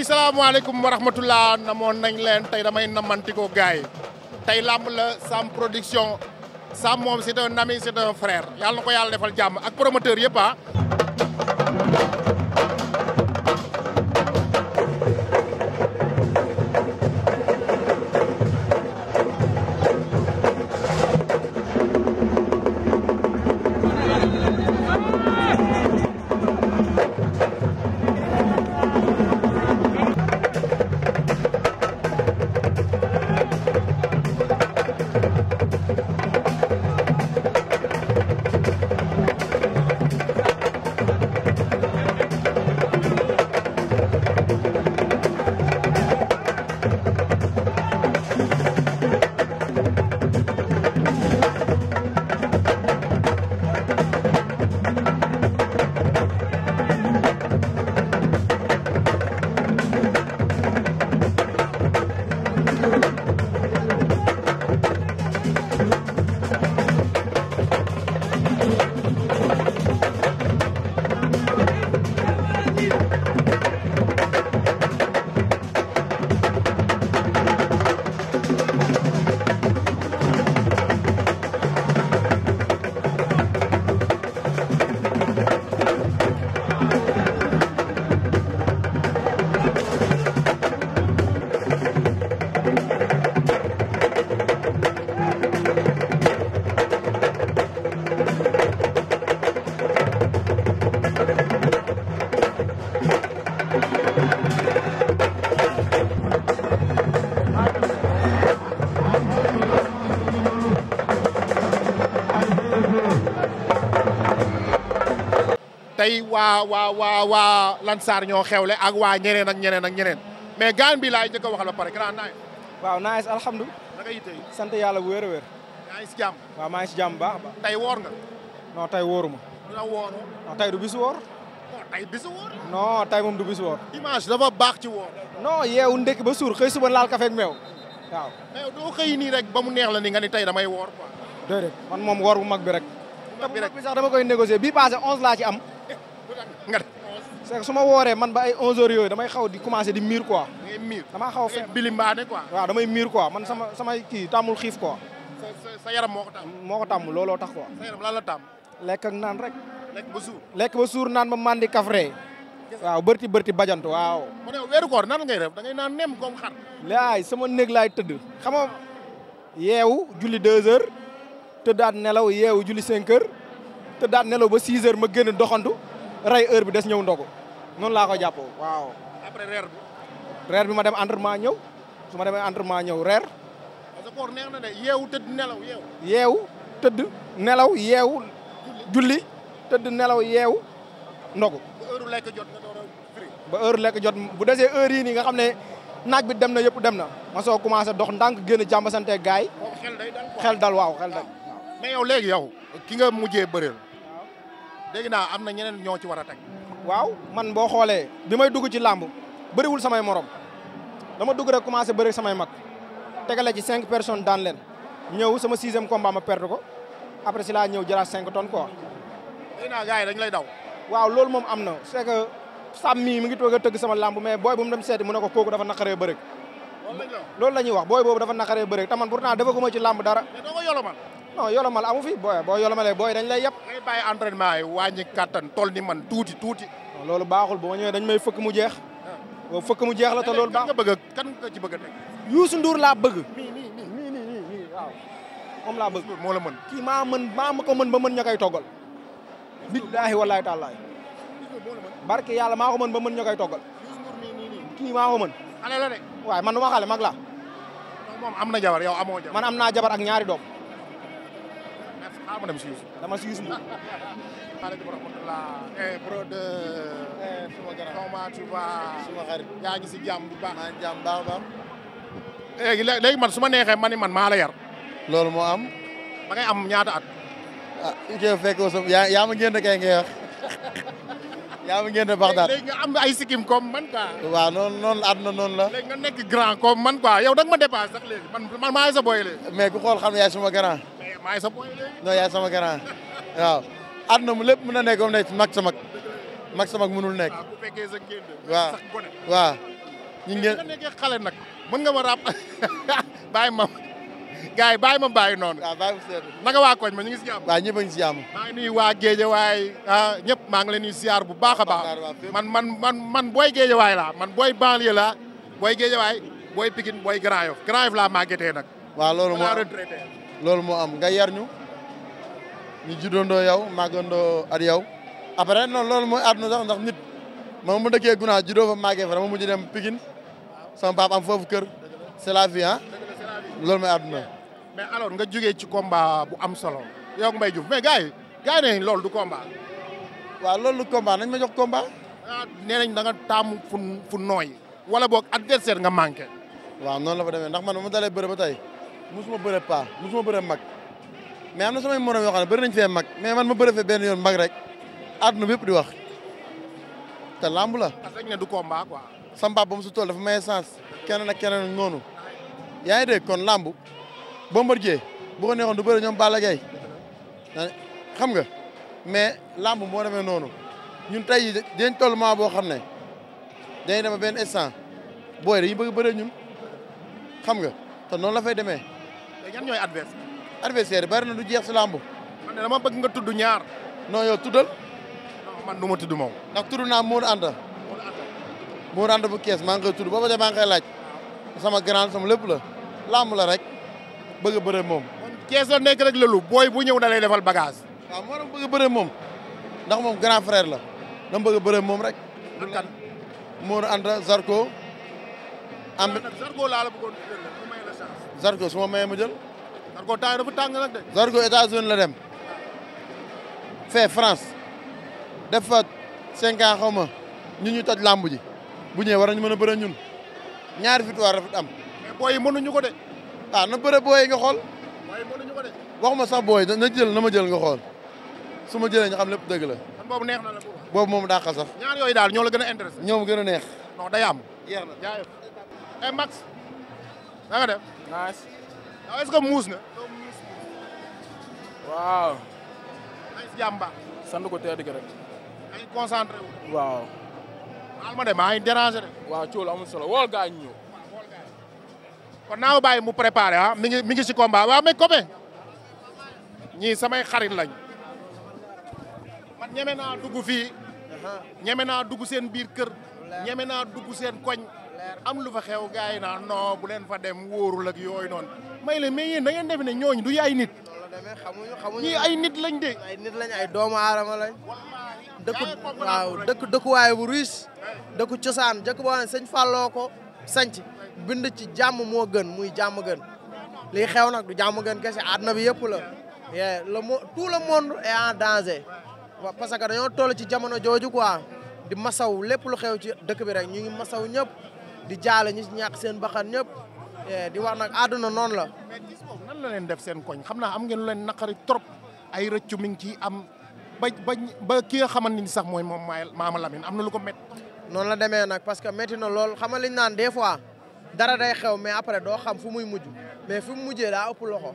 yi salaamaaleykum wa rahmatullah namoon nañ leen tey damay namantikoo gars yi tey làmb la Sam Production Sam moom c'est un ami c'est un frère yàlla na ko yàlla defal jàmm ak promoteur yëpp ah tey waa waa waa waa Lansar xew le ak waa ñeneen ak ñeneen ak ñeneen mais gaan bi laay njëkk a waxal ba pare grand naaj. waaw naaj alhamdulilah. na nga sant yàlla bu wér a wér. yaa ngi si jàmm. waaw baax baax. tey woor nga. non tey wóoruma. dina woor. non tey du bisu woor. non tey moom du bisu woor. dimanche dafa baax ci woor. non yeewu ndekki ba suur xëy suba laal kafe ak meew. waaw doo xëy nii rek ba mu neex la ni nga ni tey damay woor quoi. déedéet man moom woor bu mag bi rek. mag bi rek sax dama koy négocier bii passé onze laa ci am nga def. c'est su ma wooree man ba ay 11 heures yooyu damay xaw di commencer di miir quoi. da ngay miir damaa xaw a fekk bilimbaane quoi. waaw damay miir quoi man sama samay kii tàmmul xiif quoi. sa yaram moo ko tàmm. moo looloo tax quoi. sa yaram la tàmm. lekk naan rek. lekk ba suur lekk ba suur naan ba mandi kafre. waaw bërti bërti bajant waaw. mu ne weeru koor nan da ngay naan nem comme xar. laay sama néeg tëdd xam nga yeewu julli 2 heures tëddaat nelaw yeewu julli cinq heures tëddaat nelaw ba 6 heures ma génn doxantu. rey heure bi des ñëw ndogu noonu laa ko jàppoo waaw. après reer bi. reer bi ma dem entraînement ñëw su ma demee entraînement ñëw reer. sa koor neex na yeewu tëdd nelaw yeewu. tëdd nelaw yeewu. julli tëdd nelaw yeewu ndogu. ba heure lekk jot nga lekk jot bu desee heure yii nii nga xam ne naaj bi dem na yëpp dem na ma soo commencé dox ndànk génn jàmbasante gaay xel day dal xel dal waaw xel dal. léegi yow ki nga mujjee bëreel. dégg naa am na ñeneen ñoo ci war a teg. waaw man boo xoolee bi may dugg ci làmb bëriwul samay morom dama dugg rek commencé bëri samay mag tegale ci cinq personnes daan leen ñëw sama sixième combat a perdre ko après si laa ñëw jëlaat cinq tonnes quoi. dégg naa yi dañ lay daw. waaw loolu moom am na c'est que sàmm ngi toog a tëgg sama làmb mais booy bu mu ne ko kooku dafa naqaree bëri. loolu la ñuy wax booy boobu dafa naqaree bëri te man pourtant defaguma ci làmb dara. mais doo ko non yolomal amu fi booy boo yolomalee booy dañ lay yab. ngay bàyyi entraînement yi wàññi kattan toll ni man tuuti tuuti. loolu baaxul boo ñëwee dañ may fëkk mu jeex. Ah. waaw fëkk mu jeex la te loolu baax nga bëgg kan nga ci bëgg a teg. Youssou Ndour laa bëgg. nii nii moom laa bëgg moo la mën. kii maa mën maa ma ko mën ba mën ña koy toggal. billaahi wallaahi taalaa barke yàlla maa ko mën ba mën ña koy toggal. kii mën. waaye man du ma xale mag la moom am na jabar yow amoo jabar. man am naa jabar ak ñaari doom. ah ma dama si Youssou Ndour. maaleykum wa rahmatulah. eh bro eh, suma su ma neexee man man maala la yar. loolu moo am. ba ngay am ñaata at. ah Ndié fekk yaa yaa yaa ngi ngeen baax daal léegi nga am ay sikkim comme man quoi. waaw noonu noonu la àdduna noonu la. grand comme man quoi yow da ma dépassé sax léegi man man maa sa booy léegi. ku xool xam ne yaay sama grand. mais maa ngi sa booy léegi. non yaay sama grand mu lépp mën na nekk comme ne mag sa mag mag sa mag mënul nekk. waaw ah, bu fekkee ñu ngi ngeen mais nga nekkee xale nag mën nga ma ràpp bàyyi ma. gars yi bàyyi ma bàyyi noon waaw ma waa koñ ma ñu ngi si jàmm. a waa Géejawaay ah ñëpp maa ngi leen di ziar bu baax a man man man man booy Géejawaay laa man booy banlieue laa booy Géejawaay booy Pikine booy Grand Yoff Grand laa màggetee nag. waa loolu mo am loolu moo am nga yar ñu ñu juddandoo yow màggandoo at yow après noonu loolu mooy àdduna sax ndax nit ma mu dëkkee Gunaas juddoo fa màggee fa dama mujj dem Pikine sama papa am foofu kër c'est la vie loolu mooy àdduna. mais alors nga jógee ci combat bu am solo yow Mbaye Diouf mais gars yi gars loolu du combat. waaw loolu du combat nañ ma jox combat. ah nee nañ da nga taamu fu fu nooy. wala boog adversaire nga manqué. waaw noonu la fa demee ndax man ba ma dalee bëre ba tey musuma bëre paa musuma bëre mag mais am na samay morom yoo xam ne na nañ fee mag mais man ma bëre fee benn yoon mag rek àdduna bépp di wax te làmb la. dañ ne du combat quoi. Samba ba mu si tool dafa may sens keneen ak keneen noonu. yaa ngi dégg kon làmb Bombardier bu ko neexoon du bëri ñoom Balla Gaye xam nga mais làmb moo demee noonu ñun tey jii dañ toll maa boo xam ne dañ dem benn instant boo dañu bëgg bëre ñun xam nga te noonu la fay demee. mais ñan ñooy adversaire. adversaire bari na du jeex si làmb. man de dama bëgg nga tudd ñaar. non yow tuddal. non man du ma tudd moom. ndax tudd naa Mour Anta. Mour Anta bu kees maa ngi koy tudd ba ba tey maa ngi laaj sama grand sama lépp la. làmb la rek bëgg a moom. kon kees la nekk rek lolu booy bu ñëw da defal bagage. waaw moo doon bëgg a moom ndax moom grand frère la dama bëgg a moom rek. ak kan Mor Anta Zarko. Zarko laa la bëggoon jël la may la Zarko su ma mayee ma jël. Zarko temps dafa tàng nag de. Zarko États-Unis la dem. fee France def fa cinq ans xaw ma ñu toj làmb ji bu ñëwee war nañu mën a bëre ñun ñaari victoire dafa am. booy yi mënuñu ko de. ah na bëre booy yi nga xool. booy yi mënuñu ko de. waxuma sax booy na jël na ma jël nga xool su ma jëlee nga xam lépp dëgg la. kon boobu neex na la boobu moom dàqa sax. ñaar yooyu daal ñoo la gën a intéressé. ñoom gën a neex. non day am. jeex na jaayef. eh Max. na nga def. nice. waaw est-ce que muus na. waaw. ay jàmba. sant ko teel a dëgg rek. ay concentré wu. waaw. alma de maa ngi dérangé de. waaw coow amul solo wool gaa ñu ñëw. kon naa ko mu préparé ah mi ngi mi ngi ci ñii samay xarit lañ man ñeme naa dugg fii ñeme naa dugg seen biir kër ñeme naa dugg seen koñ am lu fa xew gars yi naan non leen fa dem wóorul ak yooyu noonu may leen mais yéen da ngeen def ne ñooñu du ay nit. xamuñu ñii ay nit lañ de. ay nit lañ ay doomu aadama lañ. dëkk waaw bu ruus. dëkk cosaan dëkk boo xam ne sëñ Falloo ko sanc bind ci jàmm moo gën muy jàmm gën lii xew nag du jàmm gën kese àdduna bi yëpp la et le mo tout le monde en danger waaw parce que dañoo toll ci jamono jooju quoi di masaw lépp lu xew ci dëkk bi rek ñu ngi masaw ñëpp di jaale ñu ñàkk seen baxan ñëpp di wax nag àdduna noonu la. nan la leen def seen koñ xam naa am ngeen lu leen naqari trop ay rëccu mi ngi ciy am ba ba ki nga xamante ni sax mooy moom Maama Lamine am na lu ko métti. noonu la demee nag parce que métti na lool xam nga li naan des fois. dara day xew mais après doo xam fu muy mujj mais fu mu mujjee daa ëpp loxo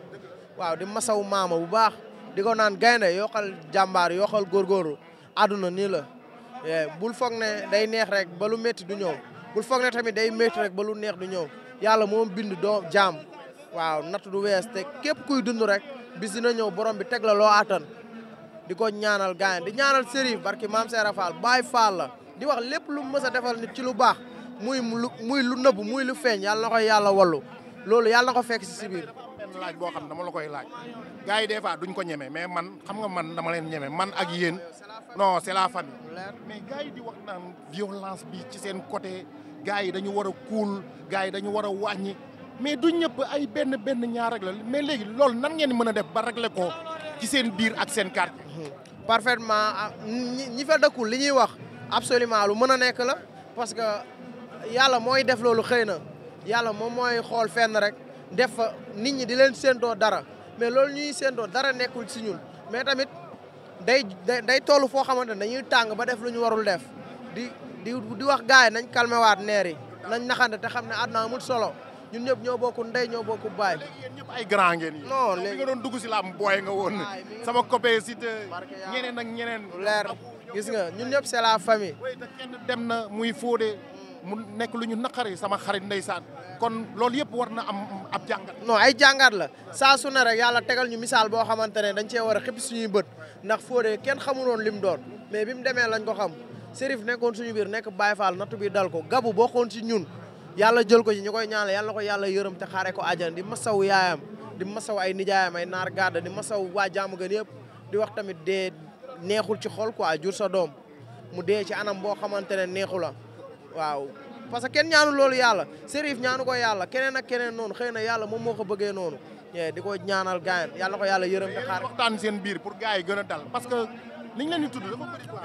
waaw di masaw maama bu baax di ko naan gaynde yokkal jàmbaar góor góorgóorlu àdduna nii la eh, bul foog ne day neex rek ba lu métti du ñëw bul foog ne tamit day métti rek ba lu neex du ñëw yàlla moom bind doo jaam waaw nat du wees te képp kuy dund rek bis dina ñëw borom bi teg la loo attan di ko ñaanal gaynde di ñaanal Sérif barki maam Serap Fall Baay Fall di wax lépp lu mës a defal nit ci lu baax muy lu muy lu nëbb muy lu feeñ yàlla na koy yàlla wallu loolu yàlla na ko fekk si si biir. laaj boo xam dama la koy laaj gars yi des fois duñ ko ñeme mais man xam nga man dama leen ñeme man ak yéen non c'est la famille. mais gars yi di wax naan violence bi ci seen côté gars yi dañu war a kuul gars yi dañu war a wàññi mais du ñëpp ay benn benn ñaar rek la mais léegi loolu nan ngeen mën a def ba régler ko ci seen biir ak seen quartier. parfaitement ah, ñi fa dëkkul li ñuy wax absolument lu mën a nekk la yàlla mooy def loolu xëy na yàlla moom mooy xool fenn rek def fa nit ñi di leen séentoo dara mais loolu ñuy séentoo dara nekkul si ñun mais tamit day day toll foo xamante ne dañuy tàng ba def lu ñu warul def di di di wax gars yi nañ calmé waat neer yi nañ naxante te xam ne àdduna amul solo ñun ñëpp ñoo bokk ndey ñoo bokk baay. léegi yéen ñëpp ay grand ngeen yi. non léegi nga doon dugg si làmb nga woon. sama copain si te ñeneen ak ñeneen. leer gis nga ñun ñëpp c'est la famille. dem na muy Fodé. mu nekk lu ñu naqari sama xarit ndeysaan kon loolu yëpp war na am ab jàngat. non ay jàngat la saa su ne rek yàlla tegal ñu misaal boo xamante ne dañ cee war a xëpp suñuy bët ndax Fodé kenn xamuloon lim doon mais bi mu demee lañ ko xam Serif nekkoon suñu biir nekk Baye Fall nattu bi dal ko gabu bokkoon si ñun yàlla jël ko ci ñu koy ñaanal yàlla ko yàlla yërëm te xaaree ko àjjana di masaw yaayam di masaw ay nijaayam ay naar gadda di masaw waa jaamu gën yëpp di wax tamit dee neexul ci xol quoi jur sa doom mu dee ci anam boo xamante ne neexu waaw parce que kenn ñaanu loolu yàlla Serif ñaanu ko yàlla keneen ak keneen noonu xëy na yàlla moom moo ko bëggee noonu eh, di ko ñaanal gaayen yàlla ko yàlla yërëm xaar waxtaan seen biir pour gars gën a dal parce que niñ leen di tudd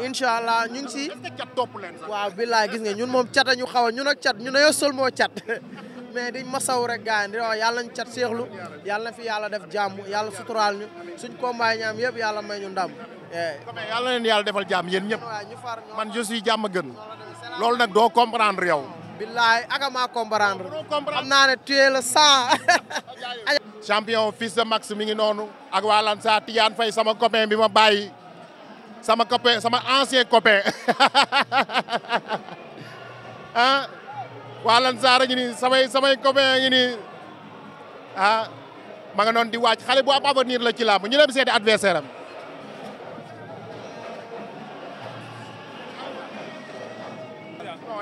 incha allah ñu ngi si cat topp leen waaw billaay gis nga ñun moom cata ñu xaw a ñun ak cat ñu dañoo sol moo cat mais di masaw rek gaayen di wax yàlla ñu cat seexlu yàlla na fi yàlla def jàmm yàlla suturaal ñu suñ combat ñaam yëpp yàlla may ñu daam comme eh. yàlla leen yàlla defal jàmm yéen ñëpp man je suis jàmm gën loolu nag doo comprendre yow. billaay aga maa comprendre. xam naa ne tu es le champion fils de Max mi ngi noonu ak waa Lansar Tidiane sama copain bi ma bàyyi sama copain sama ancien copain ah waa a ngi nii samay samay copain a ngi nii ah ma di waaj xale bu am avenir la ci làmb ñu dem seeti adversaire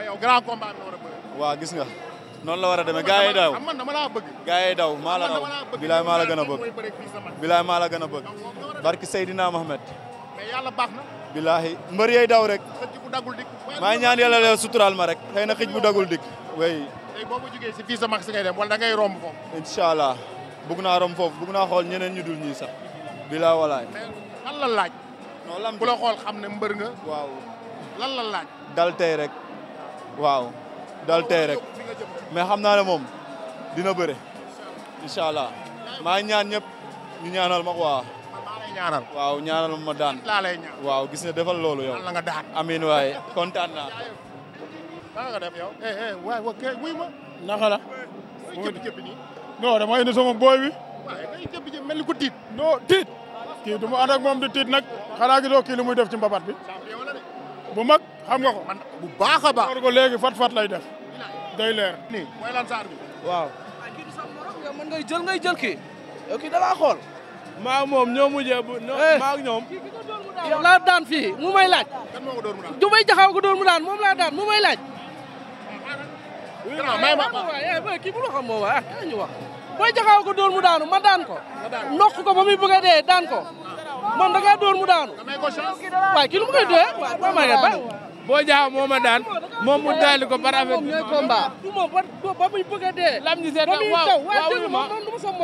yow grand a waaw gis nga noonu la war a demee gars yi daw man dama laa bëgg. gars yi daw maa la raw bilaay maa la gën a bëgg. bilaay maa la gën a bëgg. barki Seydina Mohamed. mais yàlla baax na. bilaay mbër yey daw rek. maa ngi ñaan yàlla leen sutural ma rek. xëy na xëj bu dagul dik wey. tey boo ko jugee sa max ngay da ngay romb foofu. incha allah bugg naa romb foofu bugg naa xool ñeneen ñu dul ñii sax. bilaay walaay. lan la laaj. non lan bu la xool xam ne mbër nga. waaw lan la laaj. dal tey rek. waaw dal tey rek xam naa ne moom dina bëre incha allah maa ñaan ñëpp ñu ñaanal ma waa ñaanal waaw ñaanal ma daan laa waaw gis nga defal loolu yow la nga daan amiin waaye kontaan naa naka nga def yow eh eh waay wa kay ma naka la non booy bi mel ni ku tiit non tiit kii du ma moom di tiit nag xanaa gisoo kii muy def ci mbabat bi bu mag xam nga ko man bu baax a baax. ko fat fat lay def. day leer. nii waaw. ah kii du sax morom yow mën ngay jël ngay jël kii. yow da laa xool. maa moom ñoo mujjee bu. Eh. ñoom. yow daan fii mu may laaj. kan moo ko dóor mu daan. Jumay mu daan moom laa daan mu may laaj. may ma waaw eh, kii ko dóor mu daanu ma daan ko. nokk ko ba muy a dee daan ko. man da ngaa dóor mu daanu. waaye kii mu koy dóor waaw waaw maa ngi boo jaaw moo ma daan moom mu daali ko par affaire bi. a ma waaw xam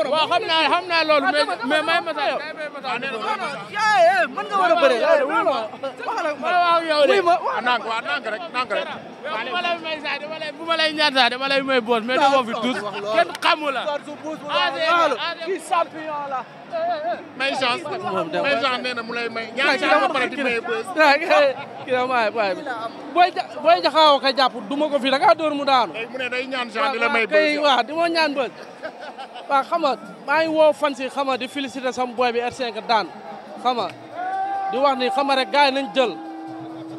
naa xam naa loolu mais ah, may ma a may saa dama lay bu ma lay ñaan saa dama lay may boos mais dama fi tuus kenn xamu la. may chance may chance nee na mu lay may ñaar booy booy jaxaaw ka duma ko fi da ngaa dóor mu daanu. mu ne day ñaan chance di la ma ñaan bës. waaw xam nga maa ngi woo fan si xam nga di féliciter sama boy bi R5 daan xam di wax ni xam rek gars nañ jël.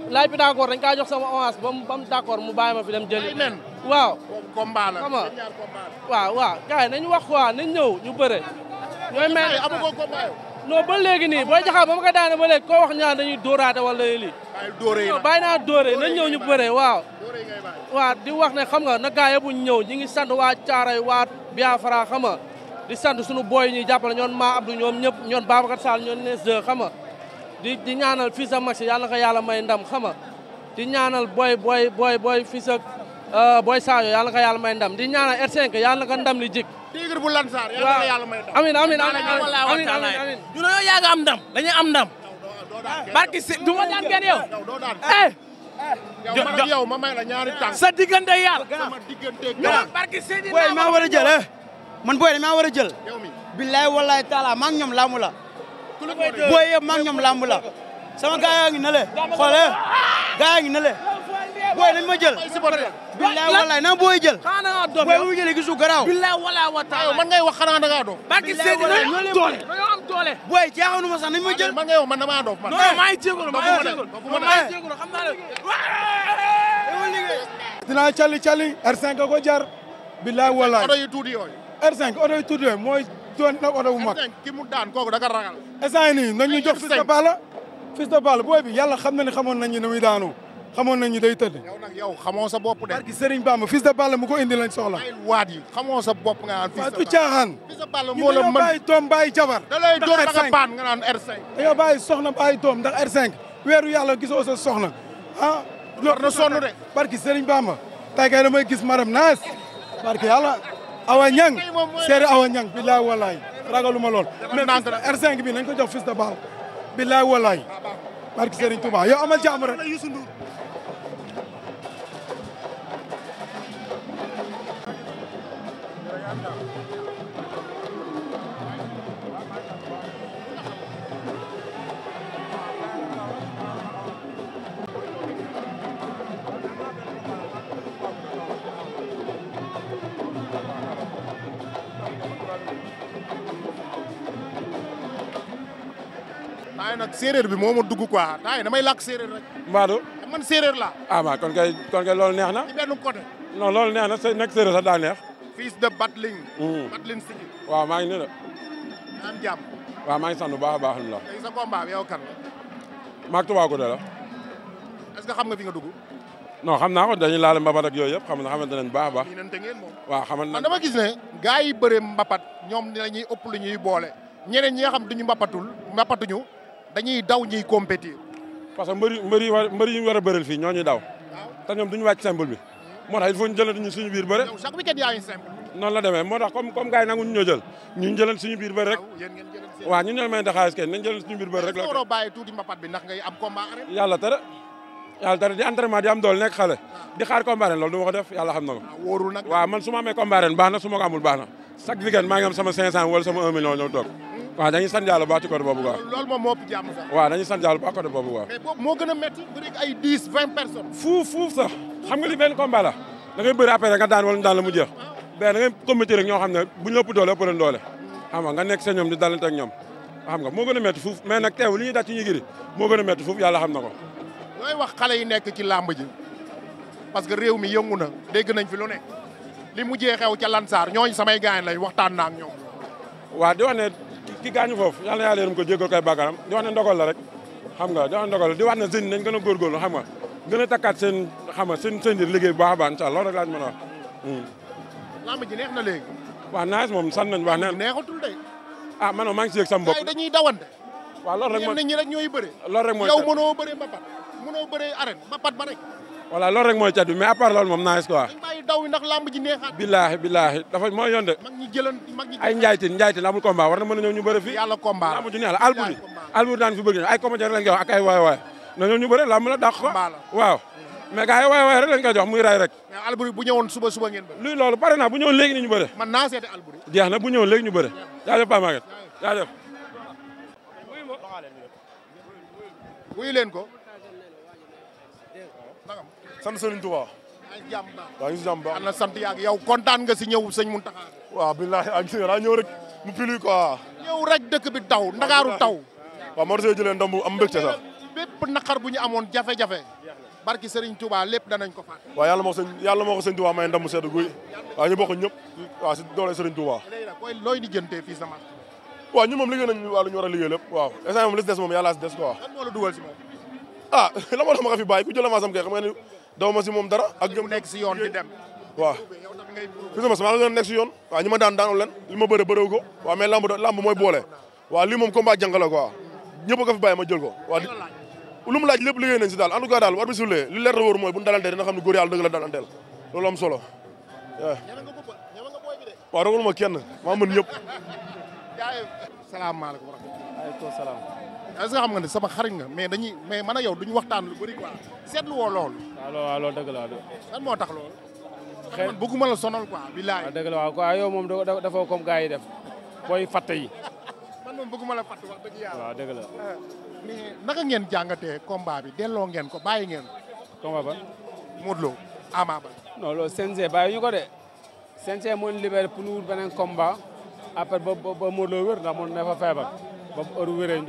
laaj bi d'accord dañ kaa jox sam avance ba mu mu d'accord ma fi dem jëli. waaw combat la xam nga waaw waaw wax quoi nañ ñëw ñu bëre. yooyu maire yi amu ko combat non ba léegi nii booy jaxaar ba ma ko daane ba léegi koo wax ñaar dañuy dóoraate wala lii bàyyi naa dóore nañ ñëw ñu bëre waaw waaw di wax ne xam nga na gaa yëpp ñëw ñi ngi sant waa Caaroy waa Biafra xam nga di sant suñu booy ñuy jàppale ñoon maa Abdou ñoom ñëpp ñoon Babacar Sall ñoon nees de xam nga di di ñaanal fii sa match yàlla na yàlla may ndam xam di ñaanal booy booy booy booy fii sa Euh, boy Sadio yàlla ko yàlla may ndam di ñaanal R5 yàlla ko ndam li jik Tigre bu Lansar yàlla ko yàlla may ndam amiin amiin amiin yaa nga am ndam dañuy am ndam barki si du ma daan kenn yow eh, eh. yow ma may la ñaari tànk sa diggante yàlla sama diggante ñoom barki Seydina boy maa war a jël eh man boy maa war a jël billaay wallaay taala maa ngi ñoom laamu la boy yëpp maa ngi ñoom laamu la sama gaay yaa le xoole eh. gaay yaa le booy dañ ma jël. billaay wallaay na booy jël. xanaa doom booy bu ñu jëlee gisu billaay wallaay wa taala man ngay wax xanaa da ngaa doom. billaay wallaay ñoo leen doole. doole ma sax nañ ma jël. man ngay wax man damaa dof man. non maa ngi jégalu maa xam naa la. dinaa cali cali R5 ko jar. billaay wallaay oto yu tuuti yooyu. R5 oto yu tuuti mooy doon nag oto bu mag. R5 ki mu daan kooku da nga ragal. instant yii nii nañ ñu booy bi yàlla xam na ne xamoon nañ ni muy daanoo xamoon nañu day tëdd. yow nag yow sa bopp de. barki Serigne Bamba fils de mu ko indi lañ soxla. ay waat yi xamoo sa bopp nga naan. fils de Balla du caaxaan. fils de Balla moo la mën ñu bàyyi doom bàyyi R5. dañoo bàyyi soxna bàyyi doom ndax ah, na sonn de. barki Serigne Bamba tey kay damay gis madame Naas barki yàlla awa ñang seeri awa ñang billaay walaay ragaluma lool mais R5 bi nañ ko jox fils de Balla billaay walaay barki Serigne Touba yow amal jàmm rek waaye nag séeréer bi moo ma dugg quoi temps yi damay làkk séeréer rek. Mbadou man séeréer la ah waaw kon kay loolu neex na. benn côté. non loolu na sa nekk séeréer sax daa neex. fils de Batling. Hmm. Batling Sigi. waaw maa ngi la. am jàmm. maa ngi sant bu baax baax alhamdulilah. tey sa combat bi yow la. est-ce que xam nga fi nga dugg. non xam naa ko dañuy laal mbapat ak yooyu yëpp xam na xamante nañ baax a baax. ñeneen te ngeen moom. waaw xamal na dama gis ne. gars yi bëre mbapat ñoom dañuy ëpp lu ñuy boole ñeneen ñi nga xam duñu mbapatuñu dañuy daw ñuy compétir. parce que mbëri mbëri mbëri yi ñu war a bëreel fii ñoo ñuy daw. te ñoom duñu wàcc simple bi. moo tax il faut ñu jëlante ñu suñu biir bëre. chaque week yaa ngi simple. noonu la demee moo tax comme comme gars yi nanguñu ñoo jël ñu jëlante suñu biir biir bëre rek. yàlla tere yàlla tere di di am doole nekk xale. di xaar combat loolu du ma def yàlla xam na ko. Ah, wóorul man su ma amee baax na su ma baax na chaque week maa ngi sama 500 wala sama 1 million ñëw toog waaw dañuy sant yàlla baax ci côté boobu quoi. loolu moom moo gën a métti bëri ay dix vingt personnes. fuuf fuuf sax xam nga li benn combat la da bëri après nga daan wala daan la mu jeex mais ah. da ngay comité rek ñoo xam ne bu ñu ëpp doole ëpp leen doole xam nga nga nekk sa ñoom di dalante ak ñoom xam nga moo gën a métti fuuf mais nag teew li ñuy daj ci moo gën a métti fuuf yàlla xam na ko looy wax xale yi nekk ci làmb ji parce que réew mi yëngu na dégg nañ fi lu ne li mujjee xew ca Lansar ñooñu samay gaañ lañ waxtaan naa ak ñoom ki gaañu foofu yàlla yàlla yërëm ko jéggal koy bàkkaaram di wax ne ndogal la rek xam nga di wax ne ndogal la di wax ne sëñ nañ gën a góorgóorlu xam a xam nga seen seen liggéey bu baax a baax incha allah loolu rek a wax. Hmm. lamb neex na léegi. waaw naaj moom sant nañu wax neen. neexatul de. a ah, man maa ngi si yëg sama bopp. dañuy dawante. waaw loolu rek mooy ñenn ñi rek ñooy bëre. loolu rek mooy yow mënoo bëre mbapat mënoo bëre arène mbapat ba rek. voilà loolu rek mooy cat bi mais à part loolu wi ndax lamb ji neexaat. billaahi billaahi dafa mooy yoon de. mag ñi jëloon mag ñi ay njaaytin njaaytin amul combat war na mën a ñëw ñu bëre fii. yàlla combat lamb la alburi alburi daan fi bëgg ay combat rek ak ay waay waay na ñëw ñu bëre la dàq ko waaw mais gars yi waay rek lañ koy jox muy ray rek. alburi bu ñëwoon suba suba ngeen bëri. luy loolu pare naa ni ñu bëre. man naa seete alburi. jeex na bu ñëwoon léegi ñu bëre. jaajëf leen ko. sant Serigne Touba. waaw ñu si jàmm baax na sant yaa yow kontaan nga si ñëw sëñ Mountakha. waaw billahi ak si daa ñëw rek mu pili quoi. ñëw rek dëkk bi taw ndakaaru taw. waaw moo tax jëlee ndam bu am mbégte sax. bépp naqar bu ñu ko faat. waaw yàlla moo ko moo ko sëñ Touba may ndam sedd guy. waaw ñu bokk ñëpp waaw si doole Serigne Touba. a liggéey lépp waaw la dugal si moom. ah la moo tax ma ko fi bàyyi ku jël avance am kay xam nga daw ma si moom dara. ak ñoom nekk si yoon di dem. waaw Casamance maa ngi leen nekk si yoon. waaw ñi ma daan daanu leen li ma bëre bërewu ko waaw mais lamb lamb mooy boole. waaw lii moom combat jàng la quoi ñëpp a ko fi bàyyi ma jël ko. waaw lu mu laaj lépp liggéey nañ si daal en tout cas daal war bi sulee li leer la wóor mooy bu ñu dalantee dina xam ne góor yàlla dëgg la dalanteel loolu am solo waaw. waaw ragaluma kenn maa mën ñëpp. est-ce que xam nga ne sama xarit nga mais dañuy mais man a yow duñu waxtaan lu bëri ko seetlu woo loolu. waaw loolu dëgg la moo tax loolu. xëy man bëgguma la sonal quoi billaay. waaw dëgg la yow moom dafa comme gars yi def booy fàtte yi. man moom bëgguma la fàtte wax dëgg yàlla. waaw eh, ngeen jàngatee combat bi delloo ngeen ko bàyyi ngeen ko. combat ba. Modou Lo Ama Baldé. non loolu CNG ñu ko de. CNG moo ñu libéré pour ñu wut beneen combat après ba ba Modou ndax moo ne fa feebar. ba mu heure wéree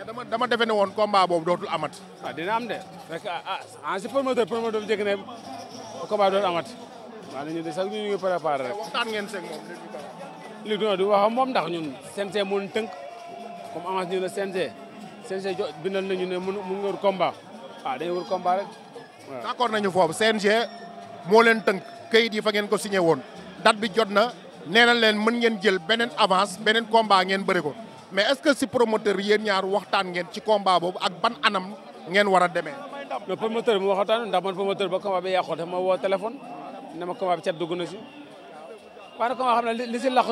dama dama defe ne woon combat boobu dootul amat. ah dina am de fekk ah ah si promoteur promoteur bi njëkk ne combat dootul amat. waaw ñu de sax ñu ngi préparé rek. waxtaan ngeen seeg moom li du du wax moom ndax ñun CNG mënuñ tënk comme avance ñu ne CNG CNG jo bindal nañu ne mënu mën nga wër combat ah dañu wër combat rek. waaw nañu foofu CNG moo leen tënk kayit yi fa ngeen ko signé woon date bi jot na nee leen mën ngeen jël beneen avance beneen combat ngeen bëri ko. mais est-ce que si promoteur bi yéen ñaar waxtaan ngeen ci combat boobu ak ban anam ngeen war a demee. non promoteur bi mu waxtaan ndax man promoteur ba combat bi yàqoo ma woo téléphone ne ma combat bi cat dugg na si. waaye xam ne li si moo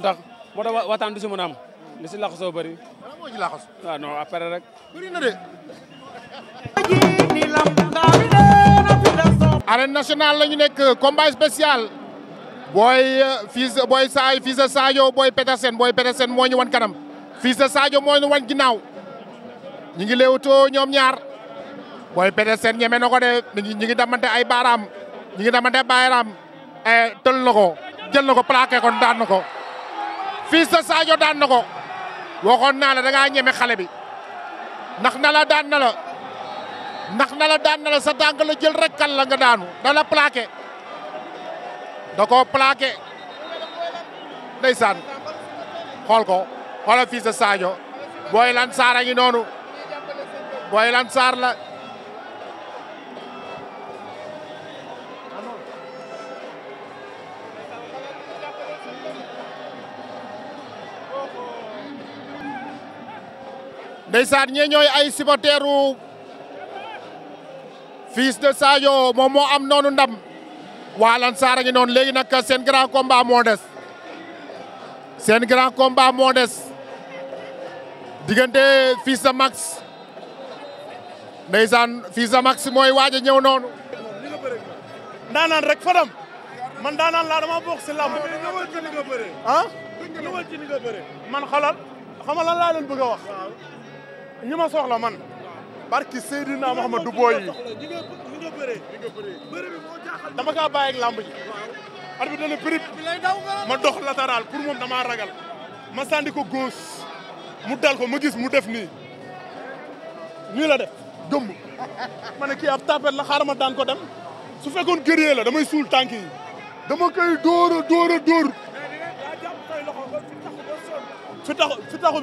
tax moo tax waxtaan du si mën a am li si laxasoo bëri. lan moo ci laxasu. la ñu nekk combat spécial. booy euh, fils booy saay fils de Sadio booy Petersen booy Petersen moo ñu wan kanam. Fils saajo Sadio mooy nu wan ginnaaw ñi ngi léewtoo ñoom ñaar booy PDSN ñeme na ko de ñi ngi damante ay baaraam ñi ngi damante baaraam e, tël na ko jël na ko plaqué ko daan na ko Fils de Sadio daan na ko waxoon naa la da ngaa ñeme xale bi ndax na la daan na la ndax na la daan na sa tànk la jël rek kal nga daanu da la plaqué da koo plaqué xool ko wala fils saajo Sadio Boy Lansar a ngi noonu Boy Lansar la ndeysaan ñee ñooy ay supporteru fils de Sadio moom moo am noonu ndam waa Lansar ngi noonu léegi nag seen grand combat moo des seen grand combat moo des diggante Fils de Max ndeysaan Fils de Max mooy waaj a ñëw noonu. ndaanaan rek Fadam man ndaanaan laa dama bokk si làmb. ah. man xolal xam nga lan a wax. ñi ma soxla man. barki Seydina Mouhamadou Boy yi. dama kaa bàyyi ak làmb ji. arbitre bi dana prip ma dox latéral pour moom damaa ragal. ma sànni ko mu dal ko ma gis mu def nii nii la def gëmm ma ne kii ab tapet la xaaral ma daan ko dem su fekkoon guerrier la damay suul tànk dama koy dóor a dóor a dóor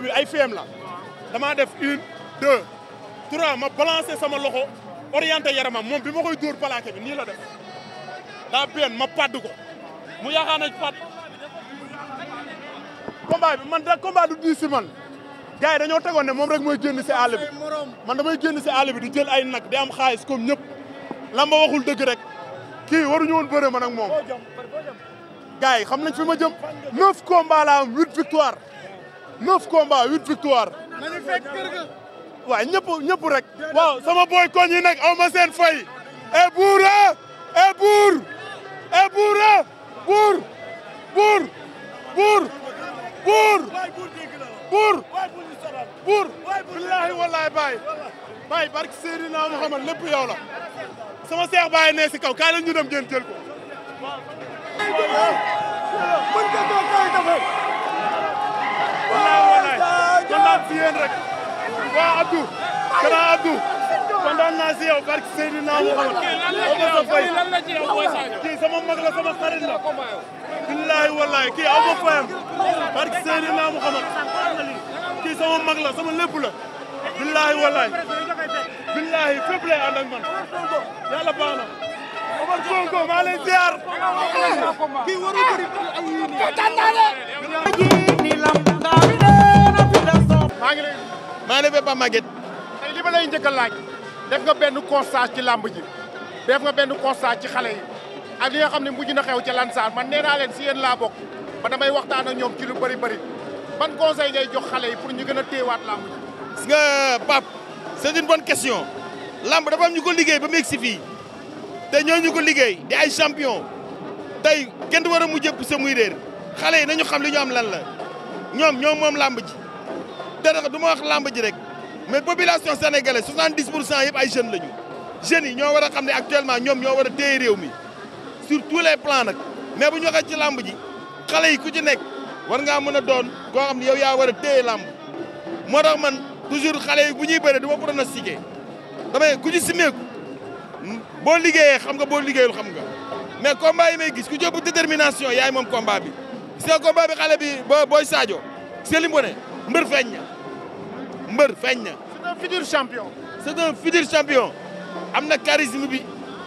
bi ay feem la damaa def une deux trois ma balancé sama loxo orienté yaramam moom bi ma koy dóor plaqué bi nii la def daa benn ma padd ko mu yaakaar na padd combat bi man da man gars yi dañoo tegoon ne moom rek mooy génn si àll bi man damay génn si àll bi di jël ay nag di am xaalis comme ñëpp lan ma waxul dëgg rek kii waruñu woon bëre man ak moom. gars yi xam nañ fi ma jëm neuf combats la am huit victoire neuf combats huit victoire. waaw ñëpp ñëpp rek. waaw sama boy koñ yi nag aw ma seen fay. e buura e, e, e buur e buur buur buur buur buur buur billaahi wallaahi baay baay barke Seydina Muhammad lépp yow la sama baay ne si kaw kaay la ñu dem ngeen jël ko mën nga toog rek waa Abdou kana Abdou kontaan naa si yow barke Seydina Muhammad kii sama mag sama xarit la billahi wallahi kii aw ma fayam barke Seydina Muhammad kii sama mag sama lépp la billahi wallahi billahi fépp lay ànd ak man yàlla baax na maa lay ziar kii waru bëri ay maa ngi lay maa ngi lay ba Maguette li a def nga benn constat ci làmb ji def nga benn constat ci xale yi ak li nga xam ne mujj na xew ci Lansar man nee naa si yéen laa bokk ba damay waxtaan ak ñoom ci lu bëri bëri ban conseil ngay jox xale yi pour ñu gën a téewaat làmb ji. gis nga Pape c'est une bonne question làmb dafa am ñu ko liggéey ba mu si fii te ñooñu ko liggéey di ay champion tey kenn du war a mujj yëpp sa muy réer xale yi nañu xam li ñu am lan la ñoom ñoom moom làmb ji te du ma wax làmb ji rek. mais population sénégalaise 70 pour cent yëpp ay jeunes lañu jeunes yi ñoo war a xam ne actuellement ñoom ñoo war a téye réew mi sur tous les plans nag mais bu ñu waxee ci làmb ji xale yi ku ci nekk war ngaa mën a doon koo xam ne yow yaa war a téye làmb moo tax man toujours xale yi bu ñuy bëre du ma pronostiqué damay ku si simeeku boo liggéeyee xam nga boo liggéeyul xam nga mais combat yi may gis ku jóg détermination yaay moom combat bi. seen combat bi xale bi booy Sadio Selimbone mbër feeñ na mbër feeñ na. c'est un futur champion. c'est un futur am na charisme bi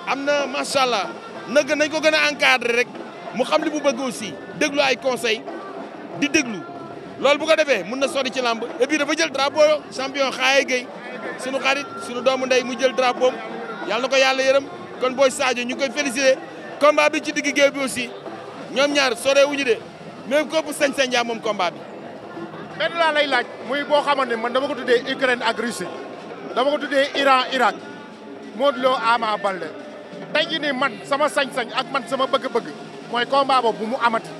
am na macha allah nag nañ ko gën a encadrer rek mu xam li mu bëgg aussi déglu ay conseil di déglu loolu bu ko defee mun na sori ci làmb et puis dafa jël drapeau champion Xaaye Gueye sunu xarit sunu doomu dey mu jël drapeau yàlla na ko yàlla yërëm kon booy Sadio ñu koy féliciter combat bi ci digg géew bi aussi ñoom ñaar soree wuñu de même képp sañ-sañ yaa moom combat bi. benn laa lay laaj muy boo xamante ne man dama ko tuddee Ukraine ak Russie dama ko tuddee Iran Irak Modou Lo Ama Baldé tey jii ni man sama sañ-sañ ak man sama bëgg-bëgg mooy combat boobu bu mu amati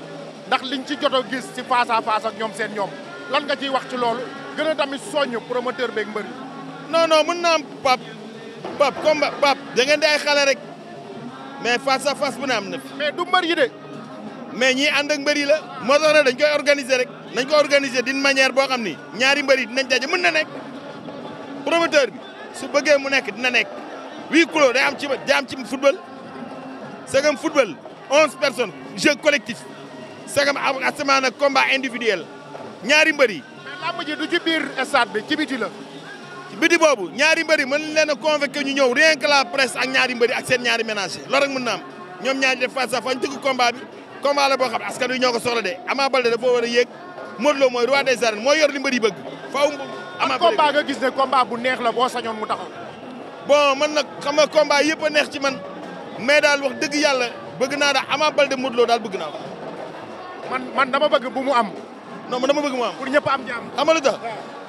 ndax liñ ci jot gis ci face à face ak ñoom seen ñoom lan nga ciy wax ci loolu gën a tamit soññ promoteur beeg mbër yi. non non mën naa am pap pap combat pap da ngeen ay xale rek mais face à face bu ne am na fi. mais du mbër yi de. mais ñii ànd ak mbër yi la moo tax dañ koy organiser rek. nañ ko organiser d'une manière boo xam ni ñaari mbër yi dinañ daje mën na nekk promoteur bi su bëggee mu nekk dina nekk huis am ci day am ci football segam football onze personnes jeu collectif segam asamaan ak combat individuel ñaari mbër yi. mais du ci biir stade bi ci biti la. ci biti boobu ñaari mbër yi mën leen a convaincre ñu ñëw rien que la presse ñaari mbër yi ak seen ñaari ménages loolu rek mën na am ñoom ñaari def face à face ñu bi combat la boo xam askan wi ñoo ko soxla de Ama Baldé dafa war a Modou Lo mooy roi des arènes yor li mbër yi bëgg faaw ama combat nga gis ne combat bu neex la boo sañoon mu taxaw bon man nag xam nga combat yëpp a neex ci man mais daal wax dëgg yàlla bëgg naa daal Ama Baldé Modou loo daal bëgg naa man man dama bëgg bu mu am non man dama bëgg mu am pour ñëpp am jàmm xam nga lu tax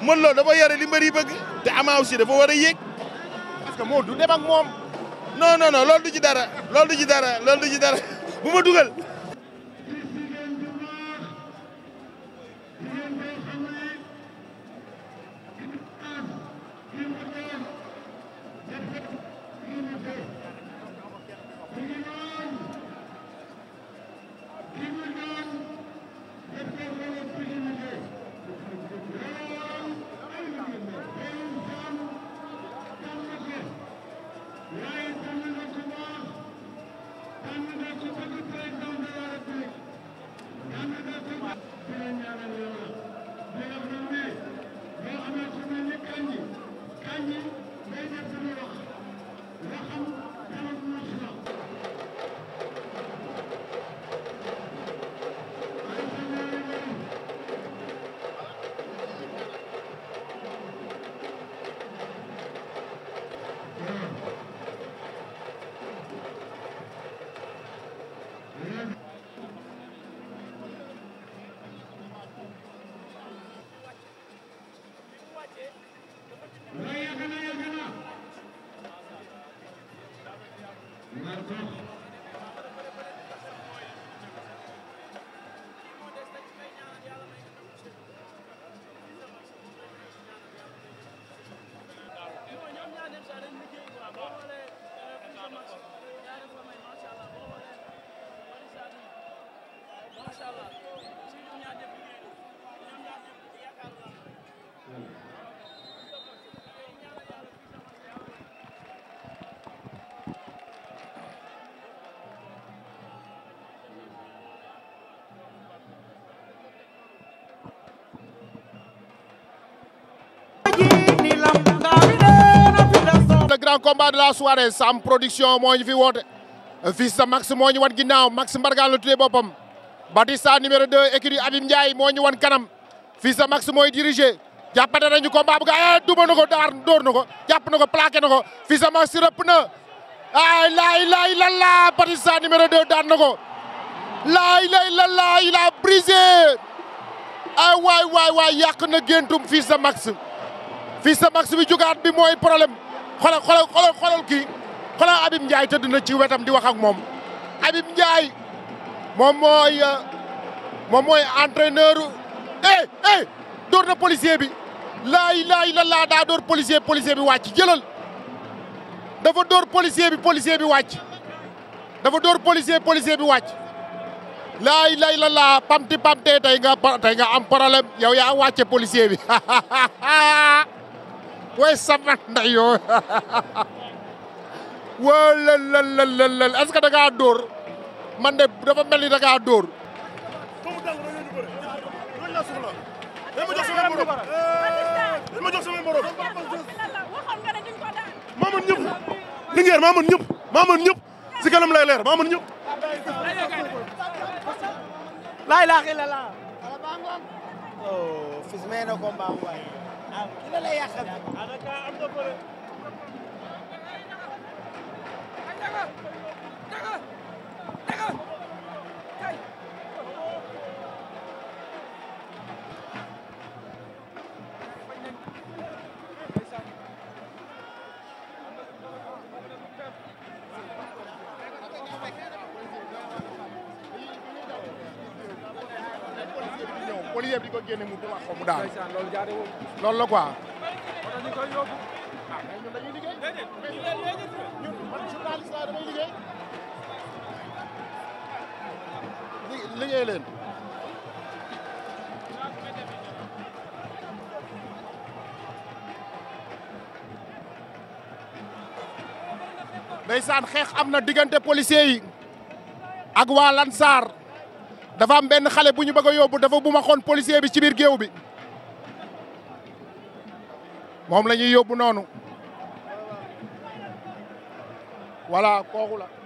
Modou Lo dafa yore li mbër yi bëgg te Ama aussi dafa war a yéeg parce que moo du dem ak moom noo non non loolu du ci dara loolu du ci dara loolu du ci dara bu ma dugal le grand combat Sam Production moo ñu fi woote fils de Max moo ñu wan ginnaaw Max Mbargaan la tuddee boppam Batista numéro 2 écurie Abim Ndiaye moo ñu wan kanam fii sa max mooy diriger jàppante nañu combat bu ga ah, duma na ko daar dóor na ko jàpp na ko plaqué na ko fii sa max rëpp na ay lay laay lalla Batista numéro 2 daan na ko lay laay lalla il a brisé ay waay waay waay yàq na géntum fii sa max fii sa max bi jugaat bi mooy problème xoolal xoolal xoolal kii xoolal Abim Ndiaye tëdd na ci wetam di wax ak moom Abim Ndiaye moom mooy euh, moom mooy entraîneur eh eh door na policier bi laay laay la laa daa door policier policier bi wàcc jëlal dafa dóor policier bi policier bi wàcc dafa door policier policier bi wàcc laay lay la laa pamti pamtee tey nga tey nga am problème yow yaa wàcce policier bi way sama nday yoo wala la la la est-ce que da ngaa dóor man de dafa mel ni da ngaa dóor. maa mën ñëpp Linguère maa mën ñëpp maa mën ñëpp si kanam lay leer maa mën ñëpp. laa ilaaha illallaah. oh fils may na ko mbaa waay. ah ki la lay yàqal. am loolu la quoi. liggéey leen. ndeysaan xeex am na diggante policier yi ak waa Lansar dafa am benn xale bu ñu bëgg a yóbbu dafa bu ma xoon policier bi ci biir géew bi. moom la ñuy yóbbu noonu voilà kooku la